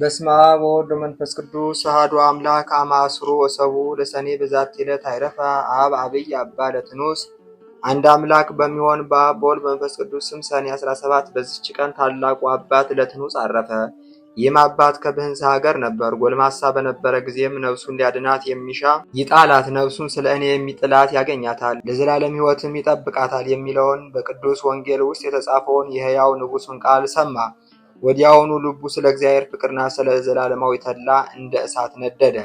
በስመ አብ ወወልድ ወመንፈስ ቅዱስ አሐዱ አምላክ አማስሩ ወሰቡ ለሰኔ በዛቲ ዕለት አይረፈ አብ አብይ አባ ለትኑስ። አንድ አምላክ በሚሆን በአብ በወልድ በመንፈስ ቅዱስ ስም ሰኔ 17 በዚች ቀን ታላቁ አባት ለትኑስ አረፈ። ይህም አባት ከብህንስ ሀገር ነበር። ጎልማሳ በነበረ ጊዜም ነፍሱን ሊያድናት የሚሻ ይጣላት፣ ነፍሱን ስለ እኔ የሚጥላት ያገኛታል፣ ለዘላለም ሕይወትም ይጠብቃታል የሚለውን በቅዱስ ወንጌል ውስጥ የተጻፈውን የሕያው ንጉሥን ቃል ሰማ። ወዲያውኑ ልቡ ስለ እግዚአብሔር ፍቅርና ስለ ዘላለማዊ ተድላ እንደ እሳት ነደደ።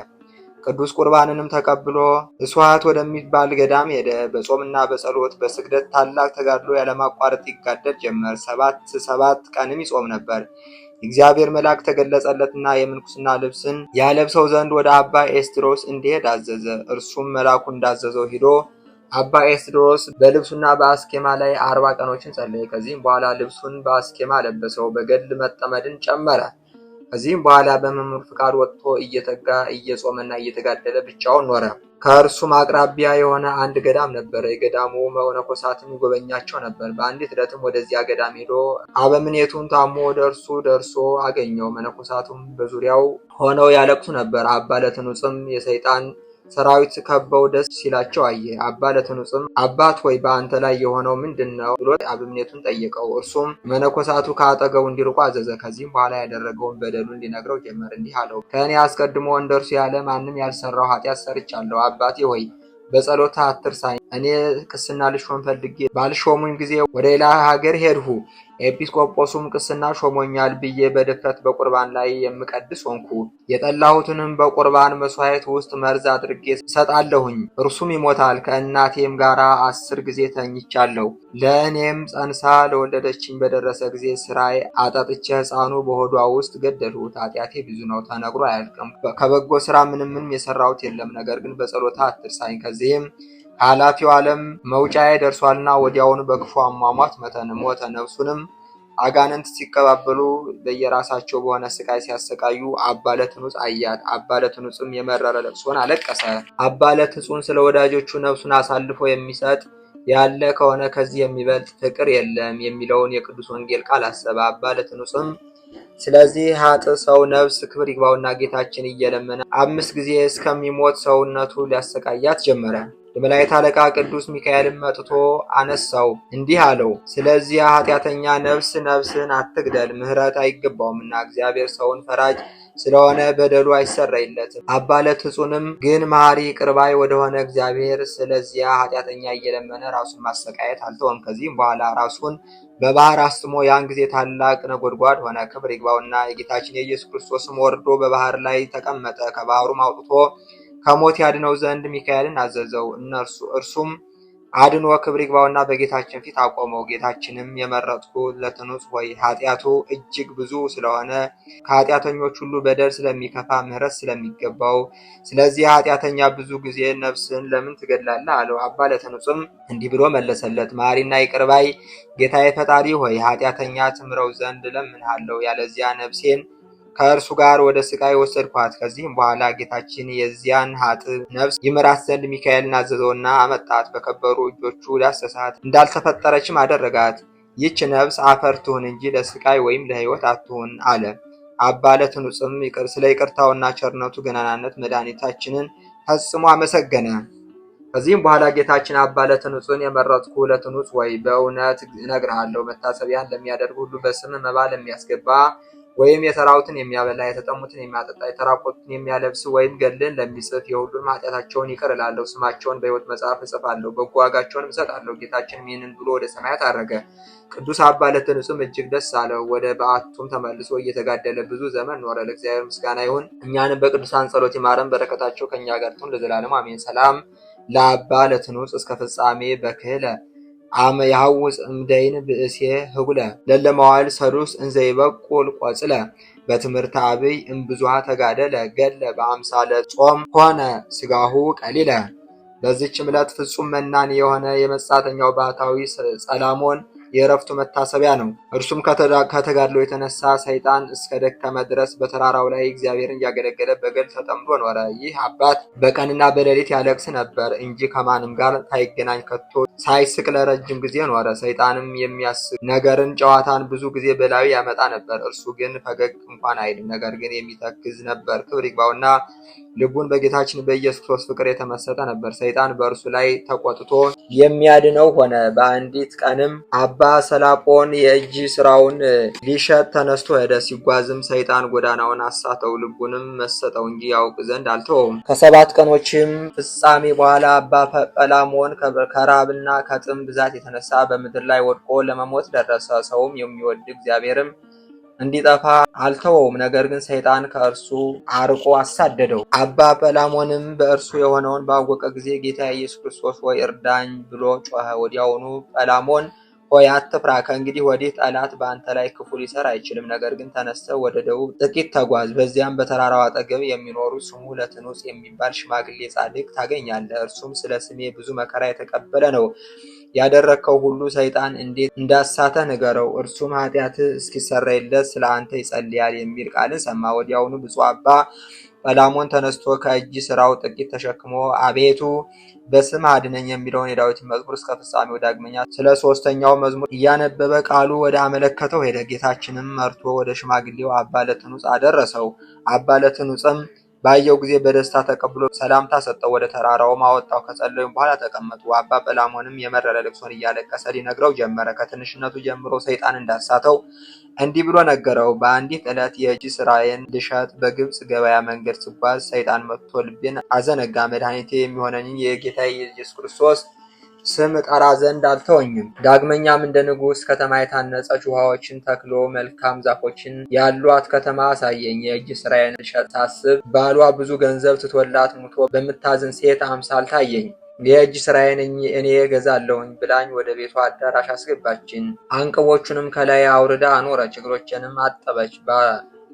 ቅዱስ ቁርባንንም ተቀብሎ እስዋት ወደሚባል ገዳም ሄደ። በጾምና በጸሎት በስግደት ታላቅ ተጋድሎ ያለማቋረጥ ይጋደል ጀመር። ሰባት ሰባት ቀንም ይጾም ነበር። እግዚአብሔር መልአክ ተገለጸለትና የምንኩስና ልብስን ያለብሰው ዘንድ ወደ አባ ኤስትሮስ እንዲሄድ አዘዘ። እርሱም መልአኩ እንዳዘዘው ሂዶ አባ ኤስድሮስ በልብሱና በአስኬማ ላይ አርባ ቀኖችን ጸለየ። ከዚህም በኋላ ልብሱን በአስኬማ ለበሰው፣ በገድል መጠመድን ጨመረ። ከዚህም በኋላ በመምህር ፍቃድ ወጥቶ እየተጋ እየጾመና እየተጋደለ ብቻውን ኖረ። ከእርሱም አቅራቢያ የሆነ አንድ ገዳም ነበረ። የገዳሙ መነኮሳትም ይጎበኛቸው ነበር። በአንዲት ዕለትም ወደዚያ ገዳም ሄዶ አበምኔቱን ታሞ ወደ እርሱ ደርሶ አገኘው። መነኮሳቱም በዙሪያው ሆነው ያለቅሱ ነበር። አባ የሰይጣን ሰራዊት ከበው ደስ ሲላቸው አየ። አባ ለትኑጽም አባት ሆይ በአንተ ላይ የሆነው ምንድን ነው ብሎ አብምኔቱን ጠየቀው። እርሱም መነኮሳቱ ከአጠገቡ እንዲርቁ አዘዘ። ከዚህም በኋላ ያደረገውን በደሉን ሊነግረው ጀመር። እንዲህ አለው፣ ከእኔ አስቀድሞ እንደ እርሱ ያለ ማንም ያልሰራው ኃጢአት ሰርቻለሁ። አባቴ ሆይ በጸሎት አትርሳኝ። እኔ ቅስና ልሾም ፈልጌ ባልሾሙኝ ጊዜ ወደ ሌላ ሀገር ሄድሁ። ኤጲስቆጶሱም ቅስና ሾሞኛል ብዬ በድፍረት በቁርባን ላይ የምቀድስ ሆንኩ። የጠላሁትንም በቁርባን መስዋዕት ውስጥ መርዝ አድርጌ ሰጣለሁኝ። እርሱም ይሞታል። ከእናቴም ጋር አስር ጊዜ ተኝቻለሁ። ለእኔም ጸንሳ ለወለደችኝ በደረሰ ጊዜ ስራይ አጠጥቼ ሕፃኑ በሆዷ ውስጥ ገደልሁት። ኃጢአቴ ብዙ ነው፣ ተነግሮ አያልቅም። ከበጎ ስራ ምንምንም ምንም የሰራሁት የለም። ነገር ግን በጸሎታ አትርሳኝ። ከዚህም ኃላፊው ዓለም መውጫዬ ደርሷልና ወዲያውኑ በክፉ አሟሟት መተን ሞተ። ነፍሱንም አጋንንት ሲቀባበሉ በየራሳቸው በሆነ ስቃይ ሲያሰቃዩ አባለት አያት። አባ የመረረ ልቅሶን አለቀሰ። አባ ስለ ወዳጆቹ ነፍሱን አሳልፎ የሚሰጥ ያለ ከሆነ ከዚህ የሚበልጥ ፍቅር የለም የሚለውን የቅዱስ ወንጌል ቃል አሰበ። አባ ስለዚህ ሀጥ ሰው ነፍስ ክብር ይግባውና ጌታችን እየለመነ አምስት ጊዜ እስከሚሞት ሰውነቱ ሊያሰቃያት ጀመረ። የመላእክት አለቃ ቅዱስ ሚካኤልም መጥቶ አነሳው፣ እንዲህ አለው፣ ስለዚህ ኃጢአተኛ ነፍስ ነፍስን አትግደል፣ ምሕረት አይገባውምና እግዚአብሔር ሰውን ፈራጅ ስለሆነ በደሉ አይሰረይለትም። አባለት ሕጹንም ግን መሐሪ ቅርባይ ወደሆነ እግዚአብሔር ስለዚያ ኃጢአተኛ እየለመነ ራሱን ማሰቃየት አልተወም። ከዚህም በኋላ ራሱን በባህር አስጥሞ ያን ጊዜ ታላቅ ነጎድጓድ ሆነ። ክብር ይግባውና የጌታችን የኢየሱስ ክርስቶስም ወርዶ በባህር ላይ ተቀመጠ። ከባህሩም አውጥቶ ከሞት ያድነው ዘንድ ሚካኤልን አዘዘው። እነርሱ እርሱም አድኖ ክብር ይግባውና በጌታችን ፊት አቆመው። ጌታችንም የመረጥኩ ለትኑጽ ሆይ ኃጢአቱ እጅግ ብዙ ስለሆነ ከኃጢአተኞች ሁሉ በደል ስለሚከፋ ምሕረት ስለሚገባው ስለዚህ ኃጢአተኛ ብዙ ጊዜ ነፍስን ለምን ትገድላለህ? አለው። አባ ለትኑጽም እንዲህ ብሎ መለሰለት። መሐሪና ይቅርባይ ባይ ጌታዬ ፈጣሪ ሆይ ኃጢአተኛ ትምረው ዘንድ ለምንሃለው፣ ያለዚያ ነፍሴን ከእርሱ ጋር ወደ ስቃይ ወሰድኳት። ከዚህም በኋላ ጌታችን የዚያን ሀጥብ ነፍስ ይምራት ዘንድ ሚካኤልን አዘዘውና አመጣት። በከበሩ እጆቹ ዳሰሳት፣ እንዳልተፈጠረችም አደረጋት። ይች ነፍስ አፈር ትሁን እንጂ ለስቃይ ወይም ለሕይወት አትሁን አለ። አባ ለትኑጽም ስለ ይቅርታውና ቸርነቱ ገናናነት መድኃኒታችንን ፈጽሞ አመሰገነ። ከዚህም በኋላ ጌታችን አባ ለትኑጽን የመረጥኩ ለትኑጽ ወይ በእውነት እነግርሃለሁ መታሰቢያን ለሚያደርግ ሁሉ በስም መባ ለሚያስገባ ወይም የተራውትን የሚያበላ የተጠሙትን የሚያጠጣ የተራቆቱን የሚያለብስ ወይም ገልን ለሚጽፍ የሁሉን ኃጢአታቸውን ይቅር እላለሁ፣ ስማቸውን በሕይወት መጽሐፍ እጽፋለሁ፣ በጎ ዋጋቸውንም እሰጣለሁ። ጌታችንም ይህንን ብሎ ወደ ሰማያት አረገ። ቅዱስ አባ ለትንጹም እጅግ ደስ አለው። ወደ በዓቱም ተመልሶ እየተጋደለ ብዙ ዘመን ኖረ። ለእግዚአብሔር ምስጋና ይሁን፣ እኛንም በቅዱሳን ጸሎት ይማረን፣ በረከታቸው ከእኛ ጋር ትሁን አሜን። ሰላም ለአባ እስከ ፍጻሜ በክህለ አመ የሐውፅ እምደይን ብእሴ ህጉለ ለለመዋል ሰዱስ እንዘይበቁል ቆጽለ በትምህርት አብይ እምብዙሃ ተጋደለ ገለ በአምሳለ ጾም ሆነ ስጋሁ ቀሊለ። በዚህች ዕለት ፍጹም መናን የሆነ የመጻተኛው ባሕታዊ ሰላሞን የእረፍቱ መታሰቢያ ነው። እርሱም ከተጋድሎ የተነሳ ሰይጣን እስከ ደከመ ድረስ በተራራው ላይ እግዚአብሔርን እያገለገለ በገል ተጠምዶ ኖረ። ይህ አባት በቀንና በሌሊት ያለቅስ ነበር እንጂ ከማንም ጋር ሳይገናኝ ከቶ ሳይስቅ ለረጅም ጊዜ ኖረ። ሰይጣንም የሚያስብ ነገርን፣ ጨዋታን ብዙ ጊዜ በላዩ ያመጣ ነበር። እርሱ ግን ፈገግ እንኳን አይልም፣ ነገር ግን የሚተክዝ ነበር። ክብር ይግባውና ልቡን በጌታችን በኢየሱስ ክርስቶስ ፍቅር የተመሰጠ ነበር። ሰይጣን በእርሱ ላይ ተቆጥቶ የሚያድነው ሆነ። በአንዲት ቀንም አባ ሰላጶን የእጅ ስራውን ሊሸጥ ተነስቶ ሄደ። ሲጓዝም ሰይጣን ጎዳናውን አሳተው ልቡንም መሰጠው እንጂ ያውቅ ዘንድ አልተውም። ከሰባት ቀኖችም ፍጻሜ በኋላ አባ ጰላሞን ከራብና ከጥም ብዛት የተነሳ በምድር ላይ ወድቆ ለመሞት ደረሰ። ሰውም የሚወድ እግዚአብሔርም እንዲጠፋ አልተወውም። ነገር ግን ሰይጣን ከእርሱ አርቆ አሳደደው። አባ ጰላሞንም በእርሱ የሆነውን ባወቀ ጊዜ ጌታ ኢየሱስ ክርስቶስ ወይ እርዳኝ ብሎ ጮኸ። ወዲያውኑ ጰላሞን ሆይ አትፍራ፣ ከእንግዲህ ወዲህ ጠላት በአንተ ላይ ክፉ ሊሰራ አይችልም። ነገር ግን ተነስተህ ወደ ደቡብ ጥቂት ተጓዝ። በዚያም በተራራው አጠገብ የሚኖሩ ስሙ ለትኑጽ የሚባል ሽማግሌ ጻድቅ ታገኛለህ። እርሱም ስለ ስሜ ብዙ መከራ የተቀበለ ነው። ያደረግከው ሁሉ ሰይጣን እንዴት እንዳሳተ ንገረው። እርሱም ኃጢአት እስኪሰረይለት ስለ አንተ ይጸልያል የሚል ቃልን ሰማ። ወዲያውኑ ብፁዕ አባ ቀዳሞን ተነስቶ ከእጅ ስራው ጥቂት ተሸክሞ አቤቱ በስም አድነኝ የሚለውን የዳዊትን መዝሙር እስከ ፍጻሜው ዳግመኛ ስለ ሶስተኛው መዝሙር እያነበበ ቃሉ ወደ አመለከተው ሄደ። ጌታችንም መርቶ ወደ ሽማግሌው አባለትን ለትኑጽ አደረሰው። አባ ባየው ጊዜ በደስታ ተቀብሎ ሰላምታ ሰጠው፣ ወደ ተራራውም አወጣው። ከጸለዩም በኋላ ተቀመጡ። አባ ጰላሞንም የመረረ ልቅሶን እያለቀሰ ሊነግረው ጀመረ። ከትንሽነቱ ጀምሮ ሰይጣን እንዳሳተው እንዲህ ብሎ ነገረው። በአንዲት ዕለት የእጅ ስራዬን ልሸጥ በግብፅ ገበያ መንገድ ስጓዝ ሰይጣን መጥቶ ልቤን አዘነጋ። መድኃኒቴ የሚሆነኝን የጌታ የኢየሱስ ክርስቶስ ስም ጠራ ዘንድ አልተወኝም። ዳግመኛም እንደ ንጉሥ ከተማ የታነጸች ውሃዎችን ተክሎ መልካም ዛፎችን ያሏት ከተማ አሳየኝ። የእጅ ስራዬን ሳስብ ባሏ ብዙ ገንዘብ ትቶላት ሙቶ በምታዝን ሴት አምሳል ታየኝ። የእጅ ስራዬን እኔ ገዛለሁኝ ብላኝ ወደ ቤቷ አዳራሽ አስገባችን። አንቅቦቹንም ከላይ አውርዳ አኖረች፣ እግሮቼንም አጠበች።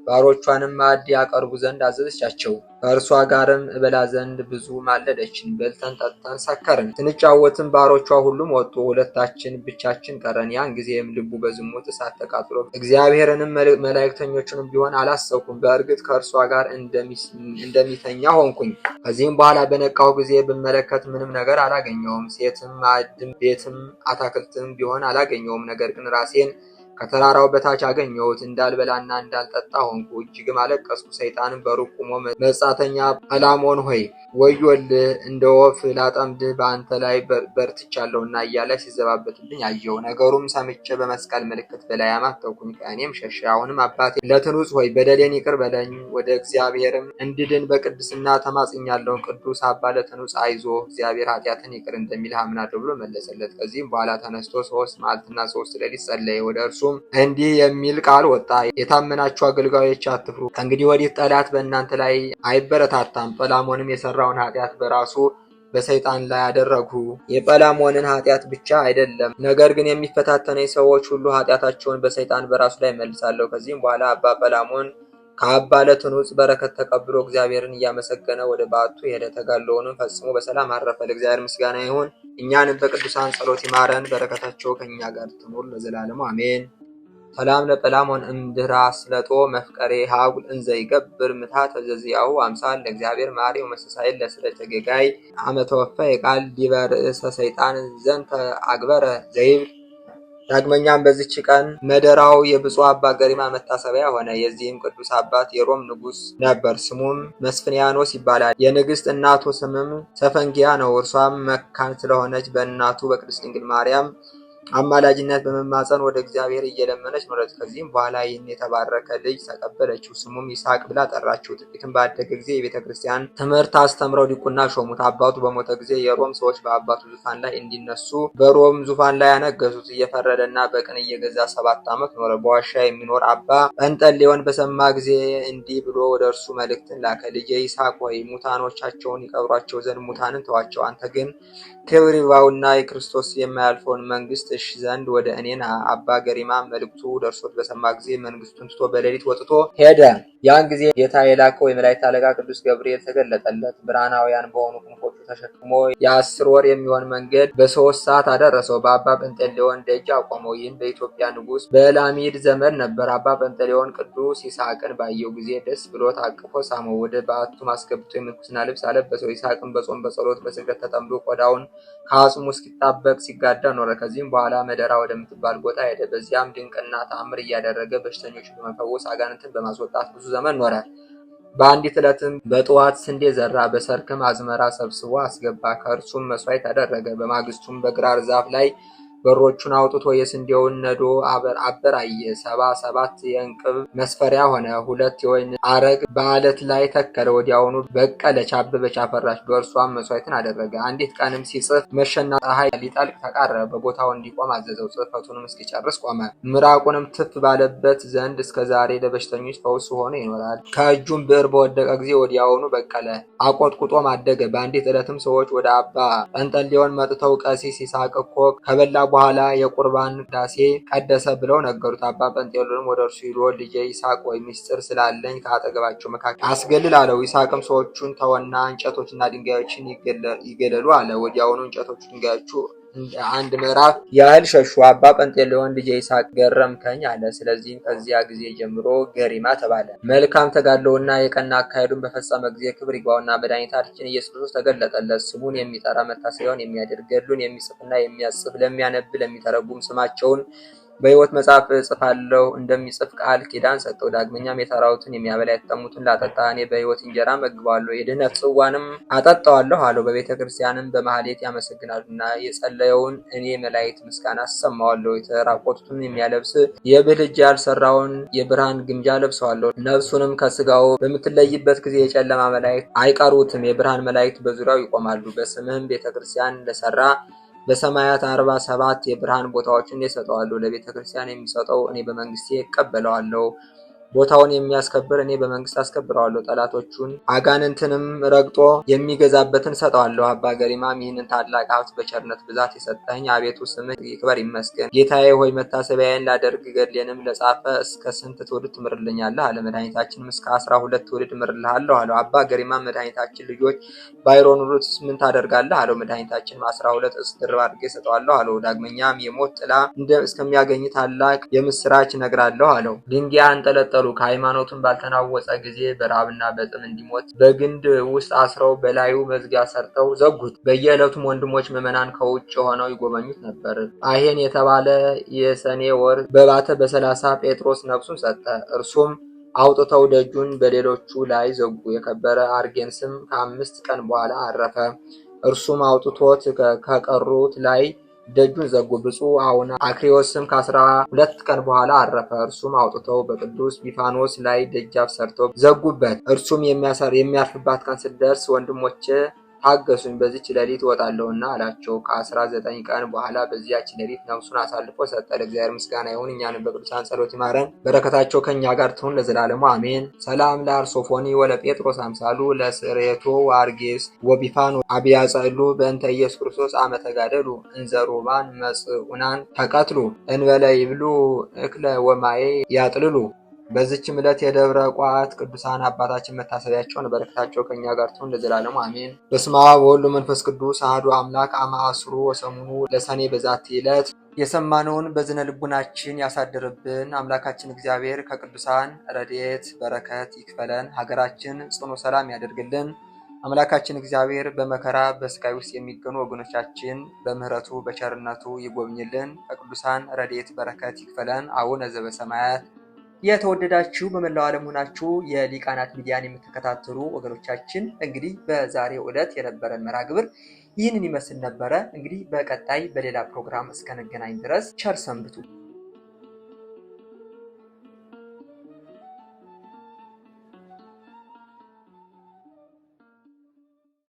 ባሮቿንም ማዕድ ያቀርቡ ዘንድ አዘዘቻቸው። ከእርሷ ጋርም እበላ ዘንድ ብዙ ማለደችን። በልተን ጠጥተን ሰከርን፣ ስንጫወትም ባሮቿ ሁሉም ወጡ፣ ሁለታችን ብቻችን ቀረን። ያን ጊዜም ልቡ በዝሙት እሳት ተቃጥሎ እግዚአብሔርንም መላእክተኞቹንም ቢሆን አላሰብኩም። በእርግጥ ከእርሷ ጋር እንደሚተኛ ሆንኩኝ። ከዚህም በኋላ በነቃው ጊዜ ብመለከት ምንም ነገር አላገኘውም። ሴትም ማዕድም ቤትም አታክልትም ቢሆን አላገኘውም። ነገር ግን ራሴን ከተራራው በታች አገኘሁት። እንዳልበላና እንዳልጠጣ ሆንኩ። እጅግም አለቀስኩ። ሰይጣንም በሩቅ ቆሞ መጻተኛ ጰላሞን ሆይ ወዮልህ፣ እንደ ወፍ ላጠምድህ በአንተ ላይ በርትቻለሁና እያለ ሲዘባበትብኝ አየሁ። ነገሩም ሰምቼ በመስቀል ምልክት በላይ አማተኩኝ። ከእኔም ሸሸ። አሁንም አባቴ ለትኑጽ ሆይ በደሌን ይቅር በለኝ፣ ወደ እግዚአብሔርም እንድድን በቅድስና ተማጽኛለሁ። ቅዱስ አባ ለትኑጽ አይዞ እግዚአብሔር ኃጢአትን ይቅር እንደሚል አምናለሁ ብሎ መለሰለት። ከዚህም በኋላ ተነስቶ ሶስት መዓልትና ሶስት ሌሊት ጸለየ። ወደ እርሱ ከእነርሱም እንዲህ የሚል ቃል ወጣ፣ የታመናችሁ አገልጋዮች አትፍሩ፣ ከእንግዲህ ወዲህ ጠላት በእናንተ ላይ አይበረታታም። ጰላሞንም የሰራውን ኃጢአት በራሱ በሰይጣን ላይ አደረጉ። የጰላሞንን ኃጢአት ብቻ አይደለም፣ ነገር ግን የሚፈታተነኝ ሰዎች ሁሉ ኃጢአታቸውን በሰይጣን በራሱ ላይ መልሳለሁ። ከዚህም በኋላ አባ ጰላሞን ከአባ ለትኑጽ በረከት ተቀብሎ እግዚአብሔርን እያመሰገነ ወደ በዓቱ ሄደ። ተጋድሎውንም ፈጽሞ በሰላም አረፈ። ለእግዚአብሔር ምስጋና ይሁን፣ እኛንም በቅዱሳን ጸሎት ይማረን፣ በረከታቸው ከእኛ ጋር ትኑር ለዘላለሙ አሜን። ሰላም ለጰላሞን ስለጦ መፍቀሬ ሀጉል እንዘይገብር ምታ ዘዚያው አምሳል ለእግዚአብሔር ማሪ ወመሰሳይል ለስለ ተጌጋይ አመተወፈ የቃል ዲበ ርእሰ ሰይጣን ዘንተ አግበረ ዘይብል። ዳግመኛም በዚች ቀን መደራው የብፁ አባ ገሪማ መታሰቢያ ሆነ። የዚህም ቅዱስ አባት የሮም ንጉሥ ነበር። ስሙም መስፍንያኖስ ይባላል። የንግሥት እናቱ ስምም ሰፈንጊያ ነው። እርሷም መካን ስለሆነች በእናቱ በቅድስት ድንግል ማርያም አማላጅነት በመማፀን ወደ እግዚአብሔር እየለመነች ኖረች። ከዚህም በኋላ ይህን የተባረከ ልጅ ተቀበለችው፣ ስሙም ይስሐቅ ብላ ጠራችው። ጥቂትም ባደገ ጊዜ የቤተ ክርስቲያን ትምህርት አስተምረው ዲቁና ሾሙት። አባቱ በሞተ ጊዜ የሮም ሰዎች በአባቱ ዙፋን ላይ እንዲነሱ በሮም ዙፋን ላይ ያነገሱት። እየፈረደና በቅን እየገዛ ሰባት ዓመት ኖረ። በዋሻ የሚኖር አባ ጰንጠሌዎን በሰማ ጊዜ እንዲህ ብሎ ወደ እርሱ መልእክትን ላከ። ልጄ ይስሐቅ ሆይ ሙታኖቻቸውን ይቀብሯቸው ዘንድ ሙታንን ተዋቸው፣ አንተ ግን ክብር ይግባውና የክርስቶስ የማያልፈውን መንግስት ይሸሽ ዘንድ ወደ እኔን አባ ገሪማ መልእክቱ ደርሶት በሰማ ጊዜ መንግስቱን ትቶ በሌሊት ወጥቶ ሄደ። ያን ጊዜ ጌታ የላከው የመላእክት አለቃ ቅዱስ ገብርኤል ተገለጠለት። ብርሃናውያን በሆኑ ክንፎ ተሸክሞ የአስር ወር የሚሆን መንገድ በሶስት ሰዓት አደረሰው። በአባ ጴንጤሌዎን ደጅ አቆመው። ይህም በኢትዮጵያ ንጉሥ በላሚድ ዘመን ነበር። አባ ጴንጤሌዎን ቅዱስ ይስሐቅን ባየው ጊዜ ደስ ብሎት አቅፎ ሳመው። ወደ በዓቱም አስገብቶ የምንኩስና ልብስ አለበሰው። ይስሐቅን በጾም በጸሎት በስግደት ተጠምዶ ቆዳውን ከአጽሙ እስኪጣበቅ ሲጋዳ ኖረ። ከዚህም በኋላ መደራ ወደምትባል ቦታ ሄደ። በዚያም ድንቅና ተአምር እያደረገ በሽተኞች በመፈወስ አጋንንትን በማስወጣት ብዙ ዘመን ኖረ። በአንዲት ዕለትም በጠዋት ስንዴ ዘራ፣ በሰርክም አዝመራ ሰብስቦ አስገባ። ከእርሱም መስዋዕት አደረገ። በማግስቱም በግራር ዛፍ ላይ በሮቹን አውጥቶ የስንዴውን ነዶ አበራየ። ሰባ ሰባት የእንቅብ መስፈሪያ ሆነ። ሁለት የወይን አረግ በአለት ላይ ተከለ። ወዲያውኑ በቀለች፣ አበበች፣ አፈራች። በእርሷም መስዋዕትን አደረገ። አንዲት ቀንም ሲጽፍ መሸና ፀሐይ ሊጠልቅ ተቃረበ። በቦታው እንዲቆም አዘዘው። ጽሕፈቱንም እስኪጨርስ ቆመ። ምራቁንም ትፍ ባለበት ዘንድ እስከ ዛሬ ለበሽተኞች ፈውስ ሆኖ ይኖራል። ከእጁም ብዕር በወደቀ ጊዜ ወዲያውኑ በቀለ፣ አቆጥቁጦም አደገ። በአንዲት ዕለትም ሰዎች ወደ አባ ጠንጠሊዮን መጥተው ቀሲስ ይስሐቅ እኮ ከበላ በኋላ የቁርባን ቅዳሴ ቀደሰ ብለው ነገሩት። አባ ጰንጤሎንም ወደ እርሱ ሂዶ ልጄ ይስሐቅ ወይ ምስጢር ስላለኝ ከአጠገባቸው መካከል አስገልል አለው። ይስሐቅም ሰዎቹን ተወና እንጨቶችና ድንጋዮችን ይገለሉ አለ። ወዲያውኑ እንጨቶቹ ድንጋዮቹ አንድ ምዕራፍ ያህል ሸሹ። አባ ጴንጤሌዎን ልጄ ይስሐቅ ገረምከኝ አለ። ስለዚህም ከዚያ ጊዜ ጀምሮ ገሪማ ተባለ። መልካም ተጋድሎውና የቀና አካሄዱን በፈጸመ ጊዜ ክብር ይግባውና መድኃኒታችን ኢየሱስ ክርስቶስ ተገለጠለት። ስሙን የሚጠራ መታሰቢያውን የሚያደርግ ገድሉን የሚጽፍና የሚያጽፍ ለሚያነብ፣ ለሚተረጉም ስማቸውን በሕይወት መጽሐፍ እጽፋለሁ እንደሚጽፍ ቃል ኪዳን ሰጠው። ዳግመኛም የተራውትን የሚያበላ የተጠሙትን ላጠጣ እኔ በሕይወት እንጀራ መግባለሁ የድህነት ጽዋንም አጠጣዋለሁ አለው። በቤተ ክርስቲያንም በማህሌት ያመሰግናሉና የጸለየውን እኔ መላእክት ምስጋና አሰማዋለሁ። የተራቆቱትን የሚያለብስ የብልጅ ያልሰራውን የብርሃን ግምጃ ለብሰዋለሁ። ነፍሱንም ከስጋው በምትለይበት ጊዜ የጨለማ መላእክት አይቀሩትም፣ የብርሃን መላእክት በዙሪያው ይቆማሉ። በስምህም ቤተ ክርስቲያን ለሰራ በሰማያት አርባ ሰባት የብርሃን ቦታዎችን ይሰጠዋሉ። ለቤተ ክርስቲያን የሚሰጠው እኔ በመንግስቴ እቀበለዋለሁ። ቦታውን የሚያስከብር እኔ በመንግስት አስከብረዋለሁ፣ ጠላቶቹን አጋንንትንም ረግጦ የሚገዛበትን ሰጠዋለሁ። አባ ገሪማም ይህንን ታላቅ ሀብት በቸርነት ብዛት የሰጠኝ አቤቱ ስምህ ይክበር ይመስገን። ጌታዬ ሆይ መታሰቢያዬን ላደርግ ገድሌንም ለጻፈ እስከ ስንት ትውልድ ትምርልኛለህ አለ። መድኃኒታችንም እስከ አስራ ሁለት ትውልድ ምርልሃለሁ አለው። አባ ገሪማ መድኃኒታችን ልጆች ባይሮኑስ ምን ታደርጋለህ አለው። መድኃኒታችንም አስራ ሁለት እስ ድርብ አድርጌ ሰጠዋለሁ አለው። ዳግመኛም የሞት ጥላ እስከሚያገኝ ታላቅ የምስራች ነግራለሁ አለው። ድንጊያ አንጠለጠ ቀጠሉ። ከሃይማኖቱን ባልተናወፀ ጊዜ በረሃብና በጥም እንዲሞት በግንድ ውስጥ አስረው በላዩ መዝጊያ ሰርተው ዘጉት። በየዕለቱም ወንድሞች ምዕመናን ከውጭ ሆነው ይጎበኙት ነበር። አሄን የተባለ የሰኔ ወር በባተ በሰላሳ ጴጥሮስ ነፍሱን ሰጠ። እርሱም አውጥተው ደጁን በሌሎቹ ላይ ዘጉ። የከበረ አርጌንስም ከአምስት ቀን በኋላ አረፈ። እርሱም አውጥቶት ከቀሩት ላይ ደጁን ዘጉ። ብፁዕ አቡነ አክሪዎስም ከአስራ ሁለት ቀን በኋላ አረፈ። እርሱም አውጥተው በቅዱስ ቢፋኖስ ላይ ደጃፍ ሰርተው ዘጉበት። እርሱም የሚያርፍባት ቀን ስትደርስ ወንድሞቼ ታገሱኝ በዚች ሌሊት እወጣለሁና አላቸው። ከአስራ ዘጠኝ ቀን በኋላ በዚያች ሌሊት ነፍሱን አሳልፎ ሰጠ። ለእግዚአብሔር ምስጋና ይሁን፣ እኛንም በቅዱሳን ጸሎት ይማረን፣ በረከታቸው ከእኛ ጋር ትሁን ለዘላለሙ አሜን። ሰላም ለአርሶፎኒ ወለጴጥሮስ አምሳሉ ለስሬቶ ዋርጌስ ወቢፋን አብያጸሉ በእንተ ኢየሱስ ክርስቶስ አመተጋደሉ እንዘሩባን መጽኡናን ተቀትሉ እንበለ ይብሉ እክለ ወማዬ ያጥልሉ በዚች ዕለት የደብረ ቋት ቅዱሳን አባታችን መታሰቢያቸውን በረከታቸው ከእኛ ጋር ትሁን ለዘላለሙ አሜን። በስመ አብ ወወልድ ወመንፈስ ቅዱስ አሐዱ አምላክ አማአስሩ ወሰሙኑ ለሰኔ በዛቲ ዕለት የሰማነውን በዝነ ልቡናችን ያሳድርብን። አምላካችን እግዚአብሔር ከቅዱሳን ረድኤት በረከት ይክፈለን። ሀገራችን ጽኑ ሰላም ያደርግልን። አምላካችን እግዚአብሔር በመከራ በስቃይ ውስጥ የሚገኙ ወገኖቻችን በምህረቱ በቸርነቱ ይጎብኝልን። ከቅዱሳን ረድኤት በረከት ይክፈለን። አቡነ ዘበሰማያት የተወደዳችሁ በመላው ዓለም ሆናችሁ የሊቃናት ሚዲያን የምትከታተሉ ወገኖቻችን እንግዲህ በዛሬው ዕለት የነበረን መርሃ ግብር ይህንን ይመስል ነበረ። እንግዲህ በቀጣይ በሌላ ፕሮግራም እስከነገናኝ ድረስ ቸር ሰንብቱ።